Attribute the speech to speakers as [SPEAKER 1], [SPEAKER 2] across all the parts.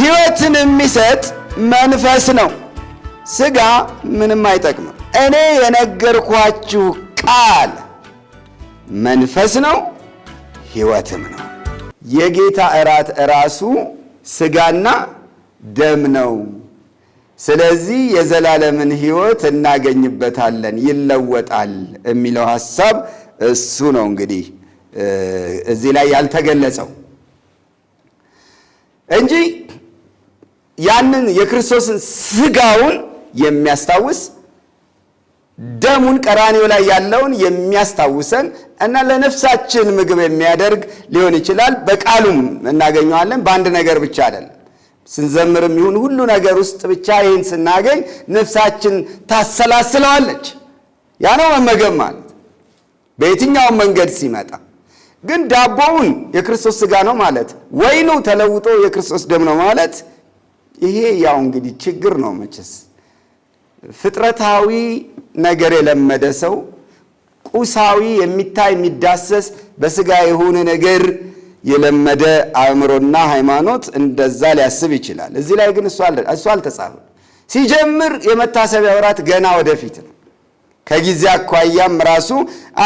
[SPEAKER 1] ሕይወትን የሚሰጥ መንፈስ ነው። ሥጋ ምንም አይጠቅምም። እኔ የነገርኳችሁ ቃል መንፈስ ነው፣ ሕይወትም ነው። የጌታ እራት እራሱ ሥጋና ደም ነው። ስለዚህ የዘላለምን ሕይወት እናገኝበታለን፣ ይለወጣል የሚለው ሐሳብ እሱ ነው። እንግዲህ እዚህ ላይ ያልተገለጸው እንጂ ያንን የክርስቶስን ስጋውን የሚያስታውስ ደሙን ቀራኔው ላይ ያለውን የሚያስታውሰን እና ለነፍሳችን ምግብ የሚያደርግ ሊሆን ይችላል። በቃሉም እናገኘዋለን። በአንድ ነገር ብቻ አይደለም። ስንዘምርም ይሁን ሁሉ ነገር ውስጥ ብቻ ይህን ስናገኝ ነፍሳችን ታሰላስለዋለች። ያ ነው መመገብ ማለት በየትኛውም መንገድ ሲመጣ ግን ዳቦውን የክርስቶስ ስጋ ነው ማለት ወይኑ ተለውጦ የክርስቶስ ደም ነው ማለት ይሄ ያው እንግዲህ ችግር ነው መቼስ ፍጥረታዊ ነገር የለመደ ሰው ቁሳዊ የሚታይ የሚዳሰስ በስጋ የሆነ ነገር የለመደ አእምሮና ሃይማኖት እንደዛ ሊያስብ ይችላል። እዚህ ላይ ግን እሱ አልተጻፈም። ሲጀምር የመታሰቢያ ወራት ገና ወደፊት ነው። ከጊዜ አኳያም ራሱ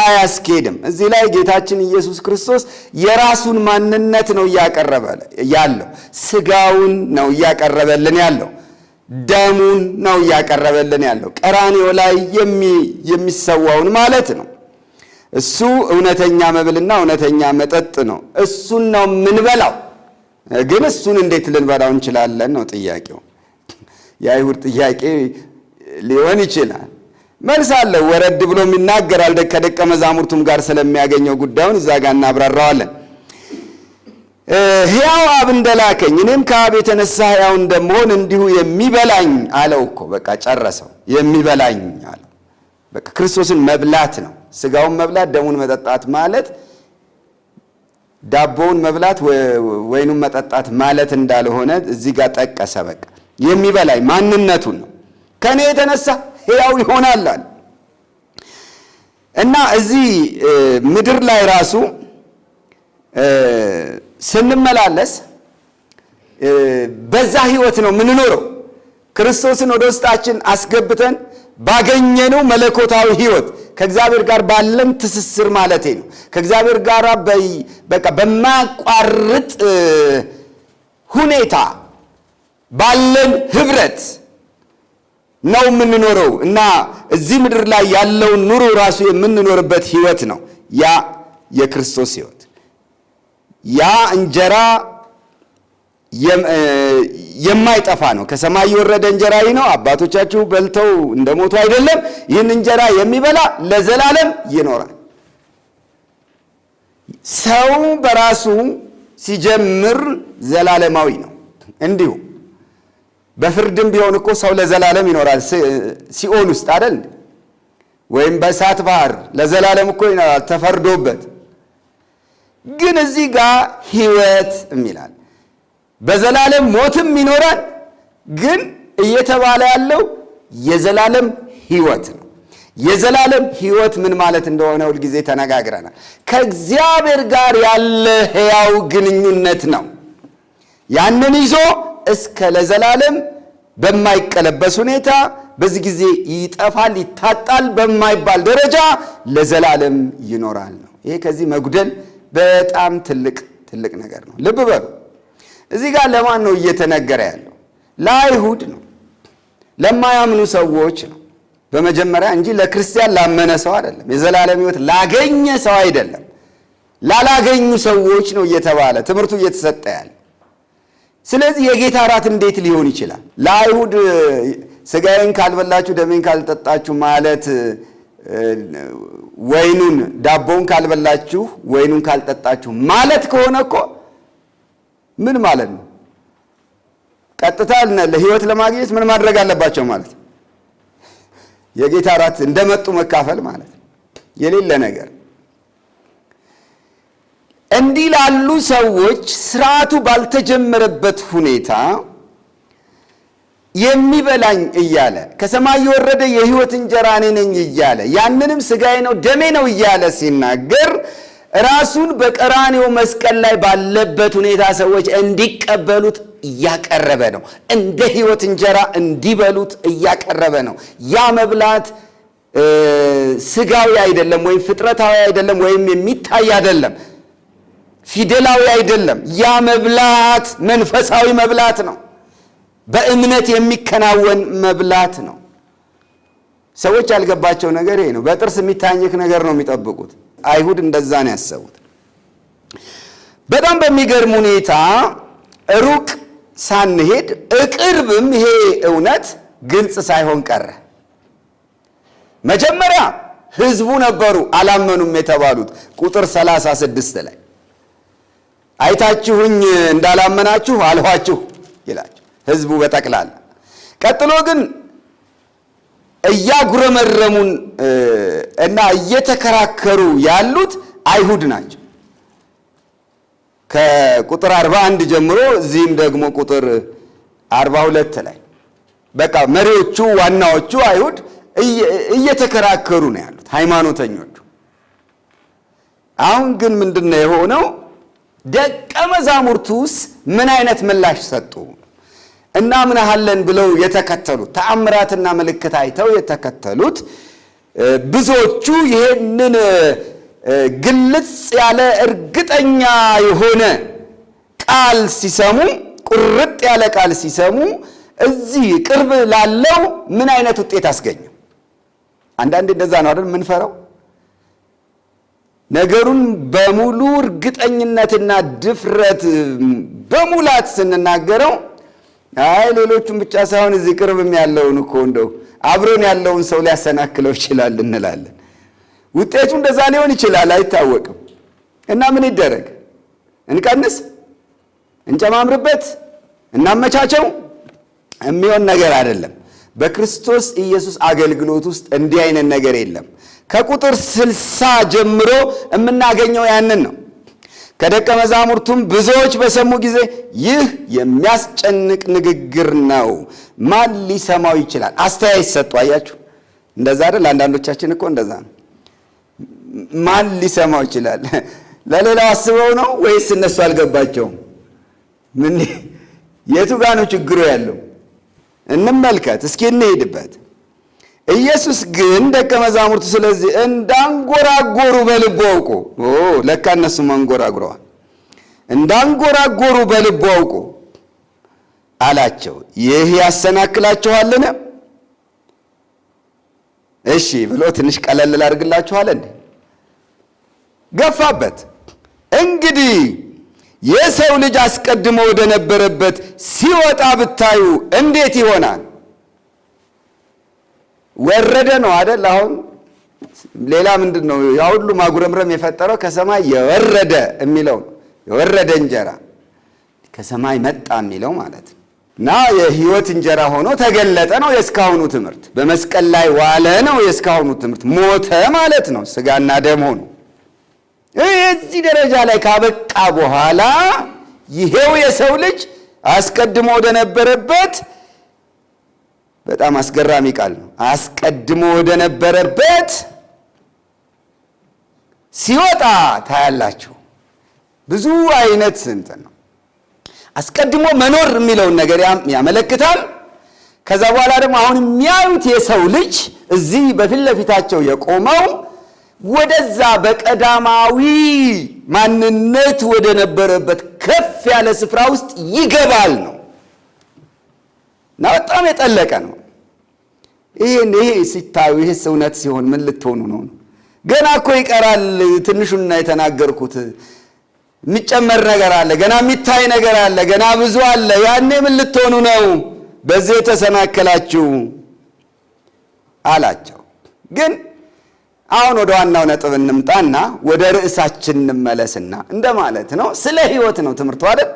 [SPEAKER 1] አያስኬድም። እዚህ ላይ ጌታችን ኢየሱስ ክርስቶስ የራሱን ማንነት ነው እያቀረበ ያለው፣ ስጋውን ነው እያቀረበልን ያለው፣ ደሙን ነው እያቀረበልን ያለው፣ ቀራኔው ላይ የሚሰዋውን ማለት ነው። እሱ እውነተኛ መብልና እውነተኛ መጠጥ ነው። እሱን ነው የምንበላው። ግን እሱን እንዴት ልንበላው እንችላለን ነው ጥያቄው። የአይሁድ ጥያቄ ሊሆን ይችላል። መልስ አለው። ወረድ ብሎም ይናገራል። ከደቀ መዛሙርቱም ጋር ስለሚያገኘው ጉዳዩን እዛ ጋር እናብራራዋለን። ሕያው አብ እንደላከኝ እኔም ከአብ የተነሳ ሕያው እንደምሆን እንዲሁ የሚበላኝ አለው እኮ በቃ ጨረሰው። የሚበላኝ አለው በቃ ክርስቶስን መብላት ነው። ስጋውን መብላት፣ ደሙን መጠጣት ማለት ዳቦውን መብላት ወይኑን መጠጣት ማለት እንዳልሆነ እዚህ ጋር ጠቀሰ። በቃ የሚበላኝ ማንነቱን ነው ከእኔ የተነሳ ሕያው ይሆናል እና እዚህ ምድር ላይ ራሱ ስንመላለስ በዛ ህይወት ነው የምንኖረው። ክርስቶስን ወደ ውስጣችን አስገብተን ባገኘነው መለኮታዊ ህይወት ከእግዚአብሔር ጋር ባለን ትስስር ማለት ነው። ከእግዚአብሔር ጋር በቃ በማያቋርጥ ሁኔታ ባለን ህብረት ነው የምንኖረው እና እዚህ ምድር ላይ ያለውን ኑሮ ራሱ የምንኖርበት ህይወት ነው። ያ የክርስቶስ ህይወት ያ እንጀራ የማይጠፋ ነው። ከሰማይ የወረደ እንጀራ ይህ ነው። አባቶቻችሁ በልተው እንደሞቱ አይደለም። ይህን እንጀራ የሚበላ ለዘላለም ይኖራል። ሰው በራሱ ሲጀምር ዘላለማዊ ነው እንዲሁም። በፍርድም ቢሆን እኮ ሰው ለዘላለም ይኖራል ሲኦል ውስጥ አደል ወይም በእሳት ባህር ለዘላለም እኮ ይኖራል ተፈርዶበት። ግን እዚህ ጋር ህይወት የሚላል በዘላለም ሞትም ይኖራል፣ ግን እየተባለ ያለው የዘላለም ህይወት ነው። የዘላለም ህይወት ምን ማለት እንደሆነ ሁልጊዜ ተነጋግረናል። ከእግዚአብሔር ጋር ያለ ሕያው ግንኙነት ነው። ያንን ይዞ እስከ ለዘላለም በማይቀለበስ ሁኔታ በዚህ ጊዜ ይጠፋል፣ ይታጣል በማይባል ደረጃ ለዘላለም ይኖራል ነው። ይሄ ከዚህ መጉደል በጣም ትልቅ ትልቅ ነገር ነው። ልብ በሉ። እዚህ ጋር ለማን ነው እየተነገረ ያለው? ለአይሁድ ነው፣ ለማያምኑ ሰዎች ነው በመጀመሪያ እንጂ ለክርስቲያን ላመነ ሰው አይደለም። የዘላለም ሕይወት ላገኘ ሰው አይደለም፣ ላላገኙ ሰዎች ነው እየተባለ ትምህርቱ እየተሰጠ ያለ ስለዚህ የጌታ እራት እንዴት ሊሆን ይችላል? ለአይሁድ ስጋዬን ካልበላችሁ ደሜን ካልጠጣችሁ ማለት ወይኑን ዳቦውን ካልበላችሁ ወይኑን ካልጠጣችሁ ማለት ከሆነ እኮ ምን ማለት ነው? ቀጥታ ለህይወት ለማግኘት ምን ማድረግ አለባቸው ማለት የጌታ እራት እንደመጡ መካፈል ማለት የሌለ ነገር እንዲህ ላሉ ሰዎች ስርዓቱ ባልተጀመረበት ሁኔታ የሚበላኝ እያለ ከሰማይ የወረደ የህይወት እንጀራ እኔ ነኝ እያለ ያንንም ሥጋዬ ነው ደሜ ነው እያለ ሲናገር ራሱን በቀራኔው መስቀል ላይ ባለበት ሁኔታ ሰዎች እንዲቀበሉት እያቀረበ ነው። እንደ ህይወት እንጀራ እንዲበሉት እያቀረበ ነው። ያ መብላት ስጋዊ አይደለም ወይም ፍጥረታዊ አይደለም ወይም የሚታይ አይደለም። ፊደላዊ አይደለም። ያ መብላት መንፈሳዊ መብላት ነው። በእምነት የሚከናወን መብላት ነው። ሰዎች ያልገባቸው ነገር ይሄ ነው። በጥርስ የሚታኝክ ነገር ነው የሚጠብቁት። አይሁድ እንደዛ ነው ያሰቡት። በጣም በሚገርም ሁኔታ ሩቅ ሳንሄድ እቅርብም ይሄ እውነት ግልጽ ሳይሆን ቀረ። መጀመሪያ ህዝቡ ነበሩ አላመኑም የተባሉት ቁጥር 36 ላይ አይታችሁኝ እንዳላመናችሁ አልኋችሁ ይላቸው ህዝቡ በጠቅላላ። ቀጥሎ ግን እያጉረመረሙን እና እየተከራከሩ ያሉት አይሁድ ናቸው። ከቁጥር 41 ጀምሮ እዚህም ደግሞ ቁጥር 42 ላይ በቃ መሪዎቹ ዋናዎቹ አይሁድ እየተከራከሩ ነው ያሉት ሃይማኖተኞቹ። አሁን ግን ምንድን ነው የሆነው? ደቀ መዛሙርቱስ ምን አይነት ምላሽ ሰጡ? እናምናሃለን ብለው የተከተሉት ተአምራትና ምልክት አይተው የተከተሉት ብዙዎቹ ይህንን ግልጽ ያለ እርግጠኛ የሆነ ቃል ሲሰሙ ቁርጥ ያለ ቃል ሲሰሙ እዚህ ቅርብ ላለው ምን አይነት ውጤት አስገኘው? አንዳንዴ እንደዛ ነው አይደል ምንፈረው ነገሩን በሙሉ እርግጠኝነትና ድፍረት በሙላት ስንናገረው አይ ሌሎቹን ብቻ ሳይሆን እዚህ ቅርብም ያለውን እኮ እንደው አብሮን ያለውን ሰው ሊያሰናክለው ይችላል እንላለን። ውጤቱ እንደዛ ሊሆን ይችላል አይታወቅም። እና ምን ይደረግ? እንቀንስ፣ እንጨማምርበት፣ እናመቻቸው የሚሆን ነገር አይደለም። በክርስቶስ ኢየሱስ አገልግሎት ውስጥ እንዲህ አይነት ነገር የለም። ከቁጥር ስልሳ ጀምሮ የምናገኘው ያንን ነው። ከደቀ መዛሙርቱም ብዙዎች በሰሙ ጊዜ ይህ የሚያስጨንቅ ንግግር ነው፣ ማን ሊሰማው ይችላል? አስተያየት ሰጡ። አያችሁ፣ እንደዛ አይደል? አንዳንዶቻችን እኮ እንደዛ ነው። ማን ሊሰማው ይችላል? ለሌላው አስበው ነው ወይስ እነሱ አልገባቸውም? ምን የቱ ጋ ነው ችግሩ ያለው? እንመልከት እስኪ እንሄድበት። ኢየሱስ ግን ደቀ መዛሙርቱ ስለዚህ እንዳንጎራጎሩ በልቦ አውቁ። ለካ እነሱ መንጎራጉረዋል። እንዳንጎራጎሩ በልቦ አውቁ አላቸው፣ ይህ ያሰናክላችኋልን? እሺ ብሎ ትንሽ ቀለል ላድርግላችኋል እንዴ ገፋበት። እንግዲህ የሰው ልጅ አስቀድሞ ወደ ነበረበት ሲወጣ ብታዩ እንዴት ይሆናል? ወረደ ነው አደል? አሁን ሌላ ምንድን ነው ያ ሁሉ ማጉረምረም የፈጠረው? ከሰማይ የወረደ የሚለው የወረደ እንጀራ ከሰማይ መጣ የሚለው ማለት ነው። እና የህይወት እንጀራ ሆኖ ተገለጠ ነው የእስካሁኑ ትምህርት። በመስቀል ላይ ዋለ ነው የእስካሁኑ ትምህርት። ሞተ ማለት ነው፣ ስጋና ደም ሆኖ እዚህ ደረጃ ላይ ካበቃ በኋላ ይሄው የሰው ልጅ አስቀድሞ ወደነበረበት በጣም አስገራሚ ቃል ነው። አስቀድሞ ወደ ነበረበት ሲወጣ ታያላችሁ። ብዙ አይነት እንትን ነው። አስቀድሞ መኖር የሚለውን ነገር ያመለክታል። ከዛ በኋላ ደግሞ አሁን የሚያዩት የሰው ልጅ እዚህ በፊት ለፊታቸው የቆመው ወደዛ በቀዳማዊ ማንነት ወደ ነበረበት ከፍ ያለ ስፍራ ውስጥ ይገባል ነው እና በጣም የጠለቀ ነው። ይህን ይሄ ሲታዩ ይህስ እውነት ሲሆን ምን ልትሆኑ ነው? ገና እኮ ይቀራል። ትንሹና የተናገርኩት የሚጨመር ነገር አለ፣ ገና የሚታይ ነገር አለ፣ ገና ብዙ አለ። ያኔ ምን ልትሆኑ ነው? በዚህ የተሰናከላችሁ አላቸው። ግን አሁን ወደ ዋናው ነጥብ እንምጣና ወደ ርዕሳችን እንመለስና እንደማለት ነው። ስለ ህይወት ነው ትምህርቱ አይደል?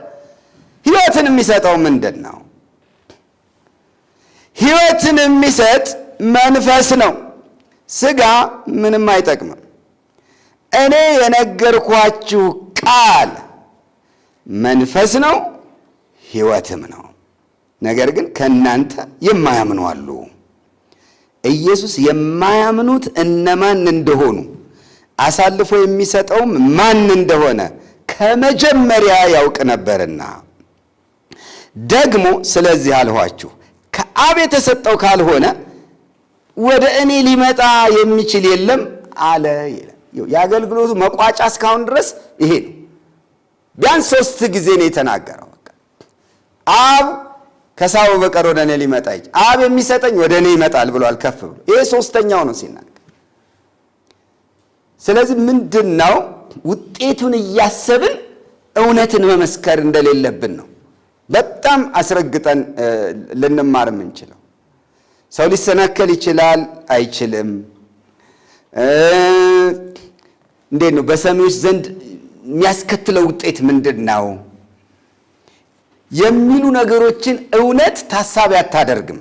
[SPEAKER 1] ህይወትን የሚሰጠው ምንድን ነው? ሕይወትን የሚሰጥ መንፈስ ነው። ሥጋ ምንም አይጠቅምም። እኔ የነገርኳችሁ ቃል መንፈስ ነው ሕይወትም ነው። ነገር ግን ከእናንተ የማያምኑ አሉ። ኢየሱስ የማያምኑት እነማን እንደሆኑ አሳልፎ የሚሰጠውም ማን እንደሆነ ከመጀመሪያ ያውቅ ነበርና ደግሞ ስለዚህ አልኋችሁ ከአብ የተሰጠው ካልሆነ ወደ እኔ ሊመጣ የሚችል የለም አለ። የአገልግሎቱ መቋጫ እስካሁን ድረስ ይሄ ነው። ቢያንስ ሶስት ጊዜ ነው የተናገረው። አብ ከሳው በቀር ወደ እኔ ሊመጣ አብ የሚሰጠኝ ወደ እኔ ይመጣል ብሏል፣ ከፍ ብሎ ይሄ ሶስተኛው ነው ሲናገር። ስለዚህ ምንድን ነው ውጤቱን እያሰብን እውነትን መመስከር እንደሌለብን ነው። በጣም አስረግጠን ልንማር የምንችለው ሰው ሊሰናከል ይችላል አይችልም፣ እንዴት ነው፣ በሰሚዎች ዘንድ የሚያስከትለው ውጤት ምንድን ነው የሚሉ ነገሮችን እውነት ታሳቢ አታደርግም።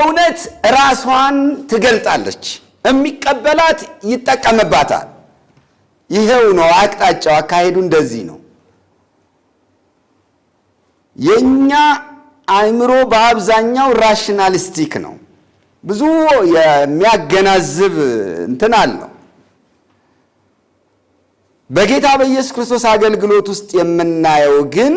[SPEAKER 1] እውነት ራሷን ትገልጣለች፣ የሚቀበላት ይጠቀምባታል። ይሄው ነው አቅጣጫው፣ አካሄዱ እንደዚህ ነው። የእኛ አእምሮ በአብዛኛው ራሽናሊስቲክ ነው። ብዙ የሚያገናዝብ እንትን አለው። በጌታ በኢየሱስ ክርስቶስ አገልግሎት ውስጥ የምናየው ግን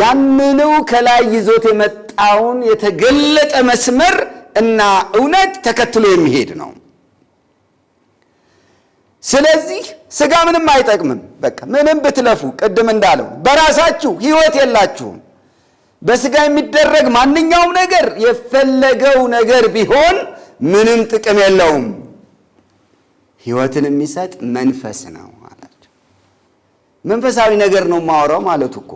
[SPEAKER 1] ያምነው ከላይ ይዞት የመጣውን የተገለጠ መስመር እና እውነት ተከትሎ የሚሄድ ነው። ስለዚህ ስጋ ምንም አይጠቅምም። በቃ ምንም ብትለፉ ቅድም እንዳለው በራሳችሁ ህይወት የላችሁም። በስጋ የሚደረግ ማንኛውም ነገር የፈለገው ነገር ቢሆን ምንም ጥቅም የለውም። ህይወትን የሚሰጥ መንፈስ ነው አላቸው። መንፈሳዊ ነገር ነው የማወራው ማለት እኮ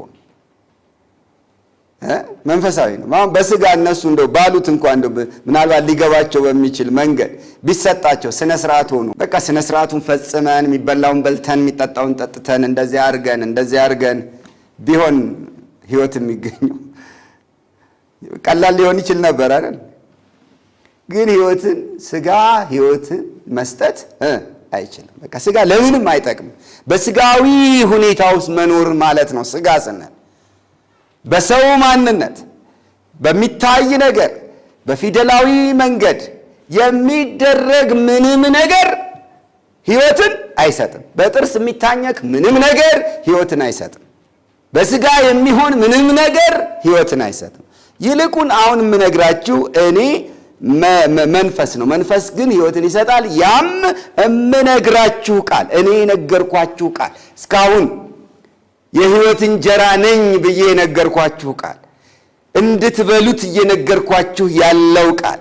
[SPEAKER 1] መንፈሳዊ ነው። በስጋ እነሱ እንደው ባሉት እንኳ ምናልባት ሊገባቸው በሚችል መንገድ ቢሰጣቸው ስነ ስርዓት ሆኖ በቃ ስነ ስርዓቱን ፈጽመን የሚበላውን በልተን የሚጠጣውን ጠጥተን እንደዚያ አድርገን እንደዚያ አድርገን ቢሆን ህይወት የሚገኘው ቀላል ሊሆን ይችል ነበር አይደል? ግን ህይወትን ስጋ ህይወትን መስጠት አይችልም። በቃ ስጋ ለምንም አይጠቅም በስጋዊ ሁኔታ ውስጥ መኖር ማለት ነው። ስጋ ስንል በሰው ማንነት በሚታይ ነገር በፊደላዊ መንገድ የሚደረግ ምንም ነገር ህይወትን አይሰጥም። በጥርስ የሚታኘክ ምንም ነገር ህይወትን አይሰጥም። በስጋ የሚሆን ምንም ነገር ህይወትን አይሰጥም። ይልቁን አሁን የምነግራችሁ እኔ መንፈስ ነው። መንፈስ ግን ህይወትን ይሰጣል። ያም እምነግራችሁ ቃል፣ እኔ የነገርኳችሁ ቃል፣ እስካሁን የህይወት እንጀራ ነኝ ብዬ የነገርኳችሁ ቃል፣ እንድትበሉት እየነገርኳችሁ ያለው ቃል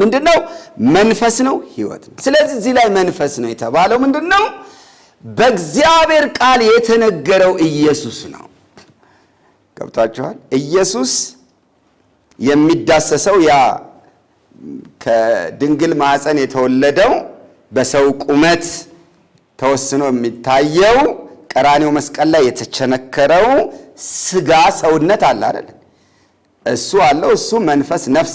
[SPEAKER 1] ምንድን ነው? መንፈስ ነው፣ ህይወት ነው። ስለዚህ እዚህ ላይ መንፈስ ነው የተባለው ምንድን ነው? በእግዚአብሔር ቃል የተነገረው ኢየሱስ ነው። ገብታችኋል? ኢየሱስ የሚዳሰሰው ያ ከድንግል ማዕፀን የተወለደው በሰው ቁመት ተወስኖ የሚታየው ቀራኔው መስቀል ላይ የተቸነከረው ስጋ ሰውነት አለ አይደል? እሱ አለው። እሱ መንፈስ ነፍስ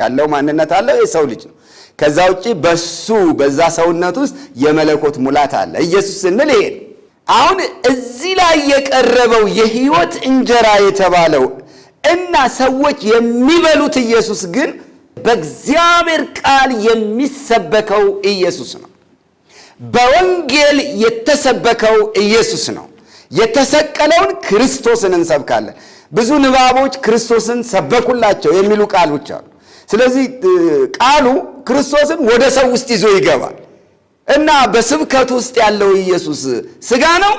[SPEAKER 1] ያለው ማንነት አለው። የሰው ልጅ ነው። ከዛ ውጭ በሱ በዛ ሰውነት ውስጥ የመለኮት ሙላት አለ። ኢየሱስ ስንል ይሄ አሁን እዚህ ላይ የቀረበው የህይወት እንጀራ የተባለው እና ሰዎች የሚበሉት ኢየሱስ ግን በእግዚአብሔር ቃል የሚሰበከው ኢየሱስ ነው። በወንጌል የተሰበከው ኢየሱስ ነው። የተሰቀለውን ክርስቶስን እንሰብካለን። ብዙ ንባቦች ክርስቶስን ሰበኩላቸው የሚሉ ቃሎች አሉ። ስለዚህ ቃሉ ክርስቶስን ወደ ሰው ውስጥ ይዞ ይገባል እና በስብከት ውስጥ ያለው ኢየሱስ ስጋ ነው፣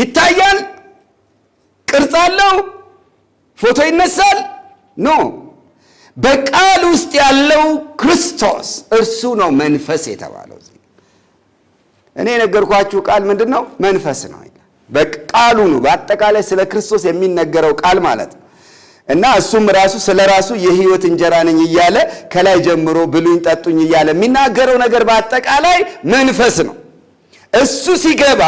[SPEAKER 1] ይታያል፣ ቅርጽ አለው፣ ፎቶ ይነሳል። ኖ በቃል ውስጥ ያለው ክርስቶስ እርሱ ነው መንፈስ የተባለው። እኔ የነገርኳችሁ ቃል ምንድን ነው? መንፈስ ነው። በቃሉ ነው። በአጠቃላይ ስለ ክርስቶስ የሚነገረው ቃል ማለት ነው እና እሱም ራሱ ስለ ራሱ የህይወት እንጀራ ነኝ እያለ ከላይ ጀምሮ ብሉኝ ጠጡኝ እያለ የሚናገረው ነገር በአጠቃላይ መንፈስ ነው። እሱ ሲገባ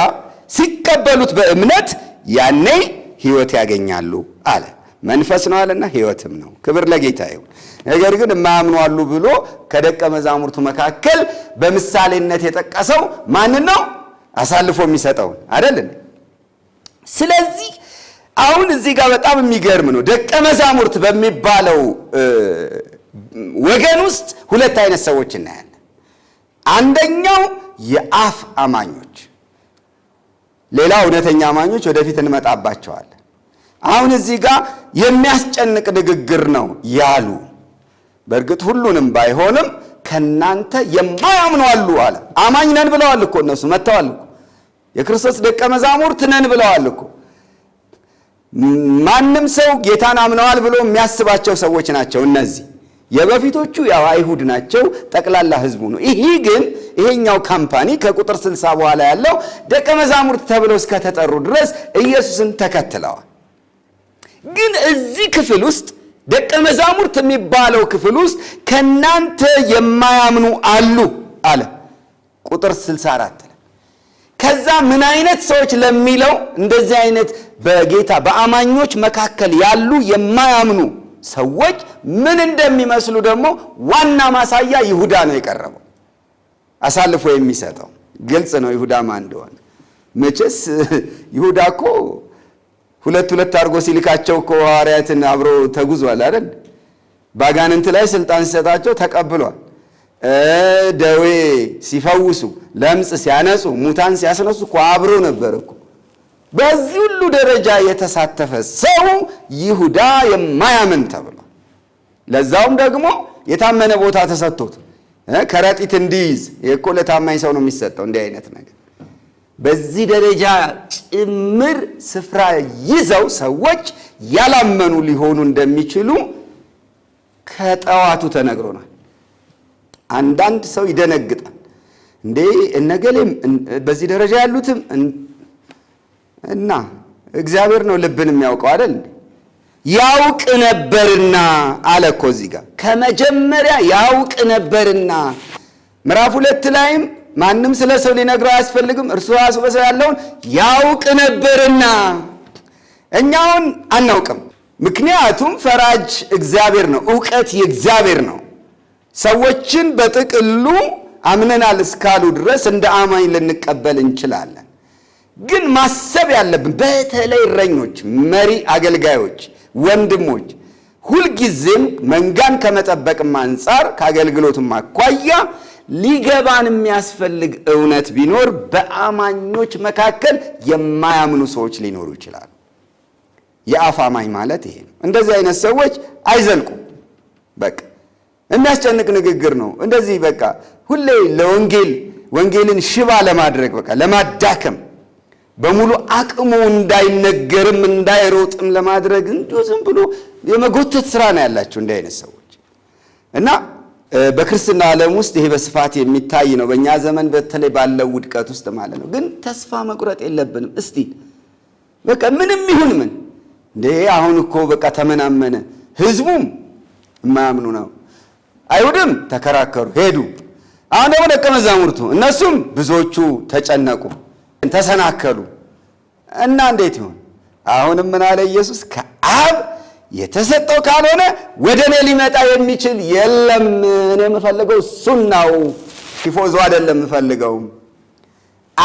[SPEAKER 1] ሲቀበሉት በእምነት ያኔ ህይወት ያገኛሉ አለ። መንፈስ ነው አለና ህይወትም ነው። ክብር ለጌታ ይሁን። ነገር ግን የማያምኑ አሉ ብሎ ከደቀ መዛሙርቱ መካከል በምሳሌነት የጠቀሰው ማንን ነው? አሳልፎ የሚሰጠውን አይደል? ስለዚህ አሁን እዚህ ጋር በጣም የሚገርም ነው። ደቀ መዛሙርት በሚባለው ወገን ውስጥ ሁለት አይነት ሰዎች እናያለን። አንደኛው የአፍ አማኞች፣ ሌላ እውነተኛ አማኞች፣ ወደፊት እንመጣባቸዋለን። አሁን እዚህ ጋር የሚያስጨንቅ ንግግር ነው ያሉ። በእርግጥ ሁሉንም ባይሆንም ከናንተ የማያምኑ አሉ አለ። አማኝ ነን ብለዋል እኮ እነሱ መጥተዋል እኮ የክርስቶስ ደቀ መዛሙርት ነን ብለዋል እኮ። ማንም ሰው ጌታን አምነዋል ብሎ የሚያስባቸው ሰዎች ናቸው እነዚህ። የበፊቶቹ ያው አይሁድ ናቸው፣ ጠቅላላ ህዝቡ ነው። ይሄ ግን ይሄኛው ካምፓኒ ከቁጥር 60 በኋላ ያለው ደቀ መዛሙርት ተብለው እስከተጠሩ ድረስ ኢየሱስን ተከትለዋል። ግን እዚህ ክፍል ውስጥ ደቀ መዛሙርት የሚባለው ክፍል ውስጥ ከናንተ የማያምኑ አሉ አለ ቁጥር 64 ከዛ ምን አይነት ሰዎች ለሚለው እንደዚህ አይነት በጌታ በአማኞች መካከል ያሉ የማያምኑ ሰዎች ምን እንደሚመስሉ ደግሞ ዋና ማሳያ ይሁዳ ነው የቀረበው። አሳልፎ የሚሰጠው ግልጽ ነው ይሁዳ ማን እንደሆነ። መቼስ ይሁዳ እኮ ሁለት ሁለት አድርጎ ሲልካቸው እኮ ሐዋርያትን አብሮ ተጉዟል አይደል? ባጋንንት ላይ ስልጣን ሲሰጣቸው ተቀብሏል። ደዌ ሲፈውሱ፣ ለምጽ ሲያነጹ፣ ሙታን ሲያስነሱ እኮ አብሮ ነበር እኮ። በዚህ ሁሉ ደረጃ የተሳተፈ ሰው ይሁዳ የማያምን ተብሏል። ለዛውም ደግሞ የታመነ ቦታ ተሰጥቶት ከረጢት እንዲይዝ እኮ ለታማኝ ሰው ነው የሚሰጠው እንዲህ አይነት ነገር። በዚህ ደረጃ ጭምር ስፍራ ይዘው ሰዎች ያላመኑ ሊሆኑ እንደሚችሉ ከጠዋቱ ተነግሮናል። አንዳንድ ሰው ይደነግጣል። እንዴ እነገሌም በዚህ ደረጃ ያሉትም እና እግዚአብሔር ነው ልብን የሚያውቀው አይደል? ያውቅ ነበርና አለ እኮ እዚህ ጋር ከመጀመሪያ ያውቅ ነበርና። ምዕራፍ ሁለት ላይም ማንም ስለ ሰው ሊነግረው አያስፈልግም፣ እርሱ ራሱ በሰው ያለውን ያውቅ ነበርና። እኛውን አናውቅም፣ ምክንያቱም ፈራጅ እግዚአብሔር ነው፣ እውቀት የእግዚአብሔር ነው። ሰዎችን በጥቅሉ አምነናል እስካሉ ድረስ እንደ አማኝ ልንቀበል እንችላለን። ግን ማሰብ ያለብን በተለይ እረኞች፣ መሪ አገልጋዮች፣ ወንድሞች ሁልጊዜም መንጋን ከመጠበቅም አንጻር ከአገልግሎትም አኳያ ሊገባን የሚያስፈልግ እውነት ቢኖር በአማኞች መካከል የማያምኑ ሰዎች ሊኖሩ ይችላሉ። የአፍ አማኝ ማለት ይሄ ነው። እንደዚህ አይነት ሰዎች አይዘልቁም በቃ የሚያስጨንቅ ንግግር ነው። እንደዚህ በቃ ሁሌ ለወንጌል ወንጌልን ሽባ ለማድረግ በቃ ለማዳከም በሙሉ አቅሙ እንዳይነገርም እንዳይሮጥም ለማድረግ እንዲሁ ዝም ብሎ የመጎተት ስራ ነው ያላቸው እንዲህ አይነት ሰዎች እና በክርስትና ዓለም ውስጥ ይሄ በስፋት የሚታይ ነው፣ በእኛ ዘመን በተለይ ባለው ውድቀት ውስጥ ማለት ነው። ግን ተስፋ መቁረጥ የለብንም። እስቲ በቃ ምንም ይሁን ምን እንዴ አሁን እኮ በቃ ተመናመነ፣ ህዝቡም የማያምኑ ነው አይሁድም ተከራከሩ፣ ሄዱ። አሁን ደግሞ ደቀ መዛሙርቱ እነሱም ብዙዎቹ ተጨነቁ፣ ተሰናከሉ እና እንዴት ይሆን? አሁንም ምን አለ ኢየሱስ? ከአብ የተሰጠው ካልሆነ ወደ እኔ ሊመጣ የሚችል የለም። እኔ የምፈልገው እሱን ነው። ቲፎዞ አይደለም የምፈልገው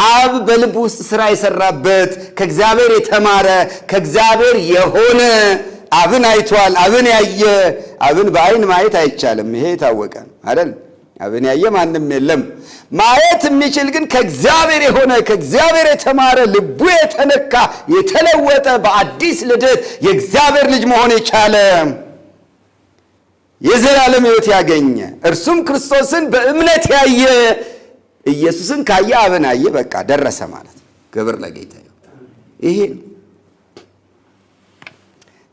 [SPEAKER 1] አብ በልብ ውስጥ ስራ የሰራበት ከእግዚአብሔር የተማረ ከእግዚአብሔር የሆነ አብን አይቷል። አብን ያየ አብን በአይን ማየት አይቻልም። ይሄ የታወቀ አይደል? አብን ያየ ማንም የለም። ማየት የሚችል ግን ከእግዚአብሔር የሆነ ከእግዚአብሔር የተማረ ልቡ የተነካ የተለወጠ በአዲስ ልደት የእግዚአብሔር ልጅ መሆን የቻለ የዘላለም ሕይወት ያገኘ እርሱም ክርስቶስን በእምነት ያየ ኢየሱስን ካየ አብን አየ። በቃ ደረሰ ማለት። ክብር ለጌታ ይሄ ነው።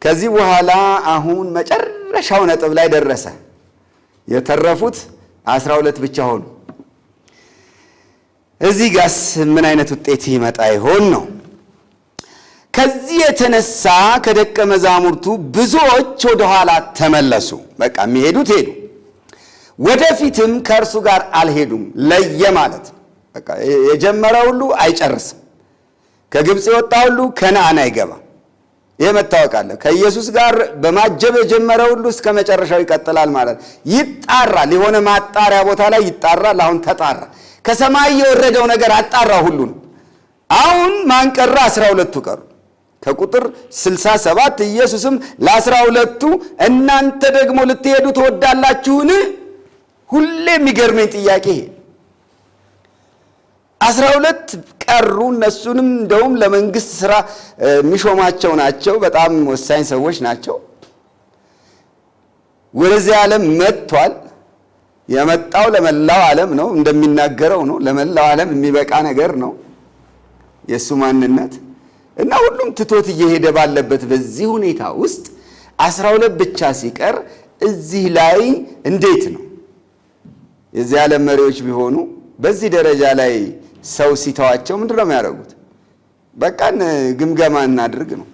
[SPEAKER 1] ከዚህ በኋላ አሁን መጨረሻው ነጥብ ላይ ደረሰ። የተረፉት አስራ ሁለት ብቻ ሆኑ። እዚህ ጋስ ምን አይነት ውጤት ይመጣ ይሆን ነው። ከዚህ የተነሳ ከደቀ መዛሙርቱ ብዙዎች ወደ ኋላ ተመለሱ። በቃ የሚሄዱት ሄዱ፣ ወደፊትም ከእርሱ ጋር አልሄዱም። ለየ ማለት በቃ የጀመረ ሁሉ አይጨርስም። ከግብፅ የወጣ ሁሉ ከነአን አይገባም። ይህ መታወቅ አለ። ከኢየሱስ ጋር በማጀብ የጀመረ ሁሉ እስከ መጨረሻው ይቀጥላል ማለት ይጣራል። የሆነ ማጣሪያ ቦታ ላይ ይጣራል። አሁን ተጣራ። ከሰማይ የወረደው ነገር አጣራ ሁሉን። አሁን ማንቀረ 12 አስራ ሁለቱ ቀሩ። ከቁጥር 67 ኢየሱስም ለአስራ ሁለቱ እናንተ ደግሞ ልትሄዱ ትወዳላችሁን? ሁሌ የሚገርመኝ ጥያቄ ይሄ አስራ ሁለት ቀሩ። እነሱንም እንደውም ለመንግስት ስራ የሚሾማቸው ናቸው። በጣም ወሳኝ ሰዎች ናቸው። ወደዚህ ዓለም መጥቷል። የመጣው ለመላው ዓለም ነው፣ እንደሚናገረው ነው። ለመላው ዓለም የሚበቃ ነገር ነው የእሱ ማንነት እና ሁሉም ትቶት እየሄደ ባለበት በዚህ ሁኔታ ውስጥ አስራ ሁለት ብቻ ሲቀር እዚህ ላይ እንዴት ነው የዚህ ዓለም መሪዎች ቢሆኑ በዚህ ደረጃ ላይ ሰው ሲተዋቸው ምንድን ነው የሚያደርጉት? በቃን ግምገማ እናድርግ ነው፣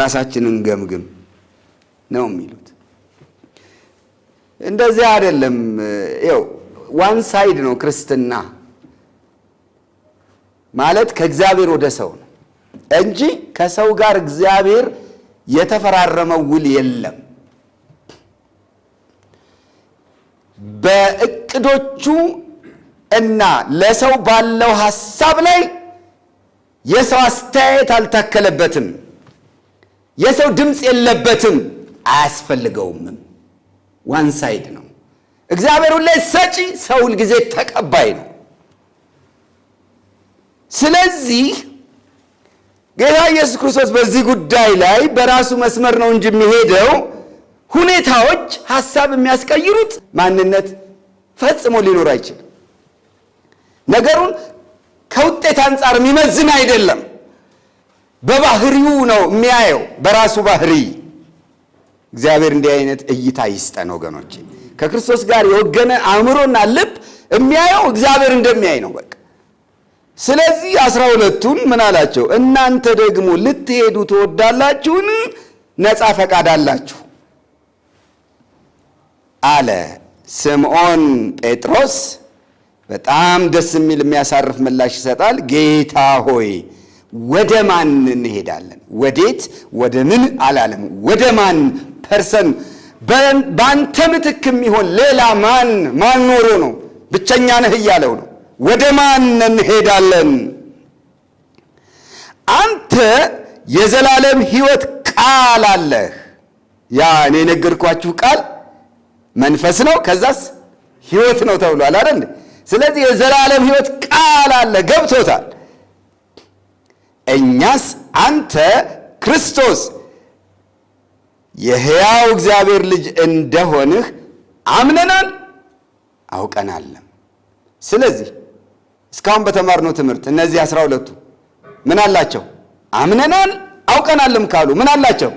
[SPEAKER 1] ራሳችንን ገምግም ነው የሚሉት። እንደዚያ አይደለም። ይኸው ዋን ሳይድ ነው ክርስትና ማለት ከእግዚአብሔር ወደ ሰው ነው እንጂ ከሰው ጋር እግዚአብሔር የተፈራረመው ውል የለም። በእቅዶቹ እና ለሰው ባለው ሐሳብ ላይ የሰው አስተያየት አልታከለበትም። የሰው ድምፅ የለበትም፣ አያስፈልገውምም። ዋን ሳይድ ነው። እግዚአብሔር ሁሌ ሰጪ፣ ሰው ሁልጊዜ ተቀባይ ነው። ስለዚህ ጌታ ኢየሱስ ክርስቶስ በዚህ ጉዳይ ላይ በራሱ መስመር ነው እንጂ የሚሄደው ሁኔታዎች ሐሳብ የሚያስቀይሩት ማንነት ፈጽሞ ሊኖር አይችልም። ነገሩን ከውጤት አንጻር የሚመዝን አይደለም። በባህሪው ነው የሚያየው፣ በራሱ ባህሪ። እግዚአብሔር እንዲህ አይነት እይታ ይስጠን ወገኖች። ከክርስቶስ ጋር የወገነ አእምሮና ልብ የሚያየው እግዚአብሔር እንደሚያይ ነው። በቃ ስለዚህ አስራ ሁለቱን ምን አላቸው? እናንተ ደግሞ ልትሄዱ ትወዳላችሁን? ነፃ ፈቃድ አላችሁ አለ ስምዖን ጴጥሮስ በጣም ደስ የሚል የሚያሳርፍ ምላሽ ይሰጣል። ጌታ ሆይ ወደ ማን እንሄዳለን? ወዴት ወደ ምን አላለም። ወደ ማን ፐርሰን፣ በአንተ ምትክ የሚሆን ሌላ ማን ማን ኖሮ ነው? ብቸኛ ነህ እያለው ነው። ወደ ማን እንሄዳለን? አንተ የዘላለም ሕይወት ቃል አለህ። ያ እኔ የነገርኳችሁ ቃል መንፈስ ነው፣ ከዛስ ሕይወት ነው ተብሏል አይደል? ስለዚህ የዘላለም ህይወት ቃል አለ፣ ገብቶታል። እኛስ አንተ ክርስቶስ የሕያው እግዚአብሔር ልጅ እንደሆንህ አምነናል አውቀናለም። ስለዚህ እስካሁን በተማርነው ትምህርት እነዚህ አስራ ሁለቱ ምን አላቸው? አምነናል አውቀናለም ካሉ ምን አላቸው?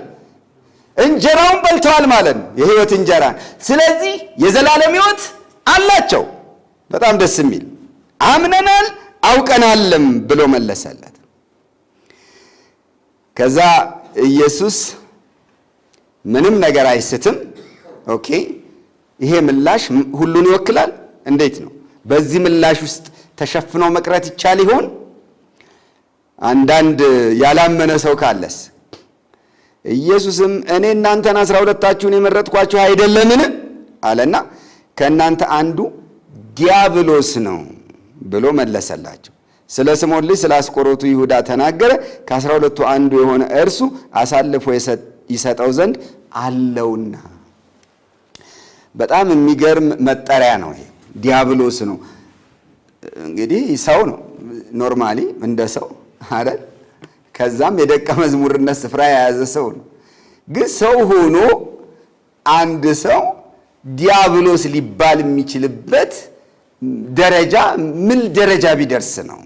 [SPEAKER 1] እንጀራውን በልተዋል ማለት ነው፣ የህይወት እንጀራን። ስለዚህ የዘላለም ህይወት አላቸው። በጣም ደስ የሚል አምነናል አውቀናልም ብሎ መለሰለት። ከዛ ኢየሱስ ምንም ነገር አይስትም። ኦኬ ይሄ ምላሽ ሁሉን ይወክላል። እንዴት ነው? በዚህ ምላሽ ውስጥ ተሸፍኖ መቅረት ይቻል ይሆን? አንዳንድ ያላመነ ሰው ካለስ? ኢየሱስም እኔ እናንተን አስራ ሁለታችሁን የመረጥኳችሁ አይደለምን አለና ከእናንተ አንዱ ዲያብሎስ ነው ብሎ መለሰላቸው። ስለ ስሞን ልጅ ስለ አስቆሮቱ ይሁዳ ተናገረ። ከአስራ ሁለቱ አንዱ የሆነ እርሱ አሳልፎ ይሰጠው ዘንድ አለውና። በጣም የሚገርም መጠሪያ ነው ይሄ። ዲያብሎስ ነው እንግዲህ ሰው ነው ኖርማሊ እንደ ሰው አይደል? ከዛም የደቀ መዝሙርነት ስፍራ የያዘ ሰው ነው። ግን ሰው ሆኖ አንድ ሰው ዲያብሎስ ሊባል የሚችልበት ደረጃ ምን ደረጃ ቢደርስ ነው?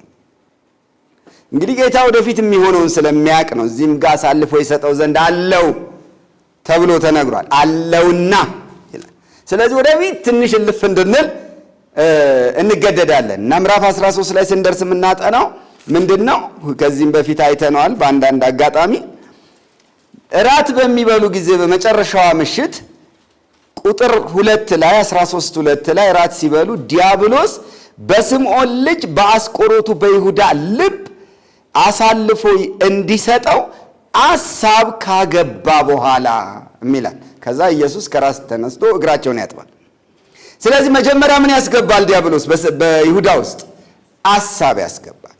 [SPEAKER 1] እንግዲህ ጌታ ወደፊት የሚሆነውን ስለሚያውቅ ነው። እዚህም ጋር አሳልፎ የሰጠው ዘንድ አለው ተብሎ ተነግሯል። አለውና ስለዚህ ወደፊት ትንሽ እልፍ እንድንል እንገደዳለን እና ምዕራፍ 13 ላይ ስንደርስ የምናጠናው ምንድን ነው? ከዚህም በፊት አይተነዋል በአንዳንድ አጋጣሚ እራት በሚበሉ ጊዜ በመጨረሻዋ ምሽት ቁጥር ሁለት ላይ 13 ሁለት ላይ ራት ሲበሉ ዲያብሎስ በስምዖን ልጅ በአስቆሮቱ በይሁዳ ልብ አሳልፎ እንዲሰጠው አሳብ ካገባ በኋላ የሚላል። ከዛ ኢየሱስ ከራስ ተነስቶ እግራቸውን ያጥባል። ስለዚህ መጀመሪያ ምን ያስገባል ዲያብሎስ? በይሁዳ ውስጥ አሳብ ያስገባል።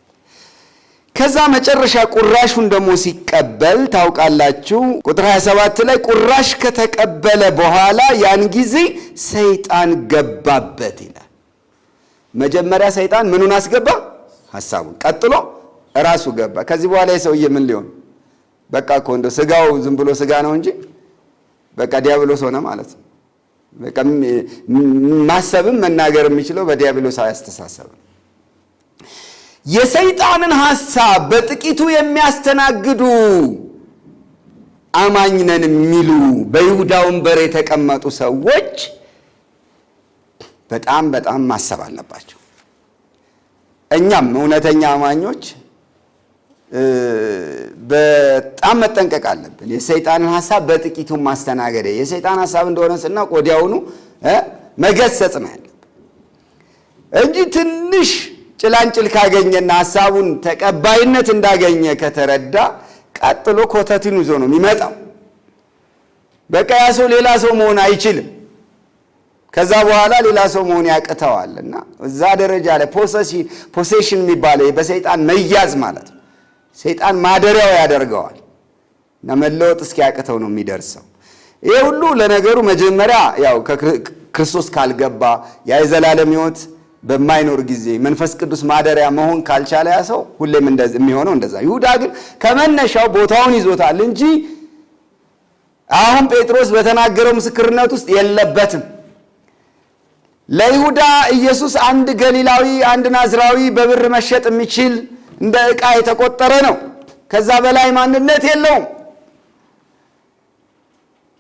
[SPEAKER 1] ከዛ መጨረሻ ቁራሹን ደግሞ ሲቀበል ታውቃላችሁ። ቁጥር 27 ላይ ቁራሽ ከተቀበለ በኋላ ያን ጊዜ ሰይጣን ገባበት ይላል። መጀመሪያ ሰይጣን ምኑን አስገባ? ሀሳቡን ቀጥሎ ራሱ ገባ። ከዚህ በኋላ የሰውዬ ምን ሊሆን በቃ እኮ እንደው ስጋው ዝም ብሎ ስጋ ነው እንጂ በቃ ዲያብሎስ ሆነ ማለት ነው። በቃ ማሰብም መናገር የሚችለው በዲያብሎስ አስተሳሰብ ነው። የሰይጣንን ሐሳብ በጥቂቱ የሚያስተናግዱ አማኝ ነን የሚሉ በይሁዳ ወንበር የተቀመጡ ሰዎች በጣም በጣም ማሰብ አለባቸው። እኛም እውነተኛ አማኞች በጣም መጠንቀቅ አለብን። የሰይጣንን ሐሳብ በጥቂቱ ማስተናገደ የሰይጣን ሐሳብ እንደሆነ ስናውቅ ወዲያውኑ መገሰጽ ነው ያለብን እንጂ ትንሽ ጭላንጭል ካገኘና ሀሳቡን ተቀባይነት እንዳገኘ ከተረዳ ቀጥሎ ኮተትን ይዞ ነው የሚመጣው። በቃ ያ ሰው ሌላ ሰው መሆን አይችልም። ከዛ በኋላ ሌላ ሰው መሆን ያቅተዋል። እና እዛ ደረጃ ላይ ፖሴሽን የሚባለው በሰይጣን መያዝ ማለት ነው። ሰይጣን ማደሪያው ያደርገዋል እና መለወጥ እስኪያቅተው ነው የሚደርሰው። ይሄ ሁሉ ለነገሩ መጀመሪያ ያው ከክርስቶስ ካልገባ ያ የዘላለም ሕይወት በማይኖር ጊዜ መንፈስ ቅዱስ ማደሪያ መሆን ካልቻለ ያ ሰው ሁሌም የሚሆነው እንደዛ። ይሁዳ ግን ከመነሻው ቦታውን ይዞታል እንጂ አሁን ጴጥሮስ በተናገረው ምስክርነት ውስጥ የለበትም። ለይሁዳ ኢየሱስ አንድ ገሊላዊ፣ አንድ ናዝራዊ በብር መሸጥ የሚችል እንደ ዕቃ የተቆጠረ ነው። ከዛ በላይ ማንነት የለውም።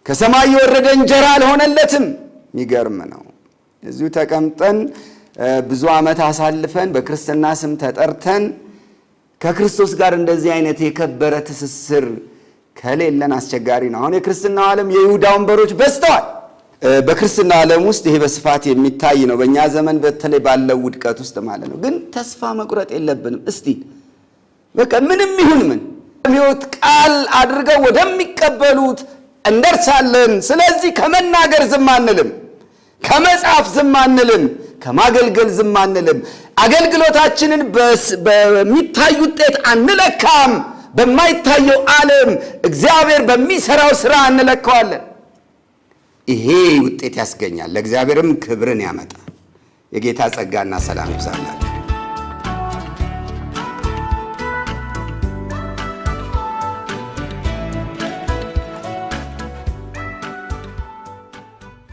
[SPEAKER 1] ከሰማይ የወረደ እንጀራ አልሆነለትም። የሚገርም ነው። እዚሁ ተቀምጠን ብዙ ዓመት አሳልፈን በክርስትና ስም ተጠርተን ከክርስቶስ ጋር እንደዚህ አይነት የከበረ ትስስር ከሌለን አስቸጋሪ ነው። አሁን የክርስትናው ዓለም የይሁዳ ወንበሮች በዝተዋል። በክርስትና ዓለም ውስጥ ይሄ በስፋት የሚታይ ነው፣ በእኛ ዘመን በተለይ ባለው ውድቀት ውስጥ ማለት ነው። ግን ተስፋ መቁረጥ የለብንም። እስቲ በቃ ምንም ይሁን ምን ሕይወት ቃል አድርገው ወደሚቀበሉት እንደርሳለን። ስለዚህ ከመናገር ዝም አንልም፣ ከመጻፍ ዝም አንልም። ከማገልገል ዝም አንልም። አገልግሎታችንን በሚታይ ውጤት አንለካም። በማይታየው ዓለም እግዚአብሔር በሚሰራው ስራ እንለካዋለን። ይሄ ውጤት ያስገኛል፣ ለእግዚአብሔርም ክብርን ያመጣል። የጌታ ጸጋና ሰላም ይብዛላችሁ።